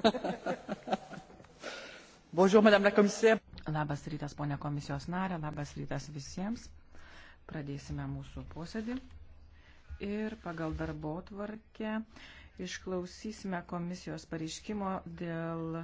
Bonjour, madame la komisija. Labas rytas, ponia komisijos narė, labas rytas visiems. Pradėsime mūsų posėdį ir pagal darbo tvarkę išklausysime komisijos pareiškimo dėl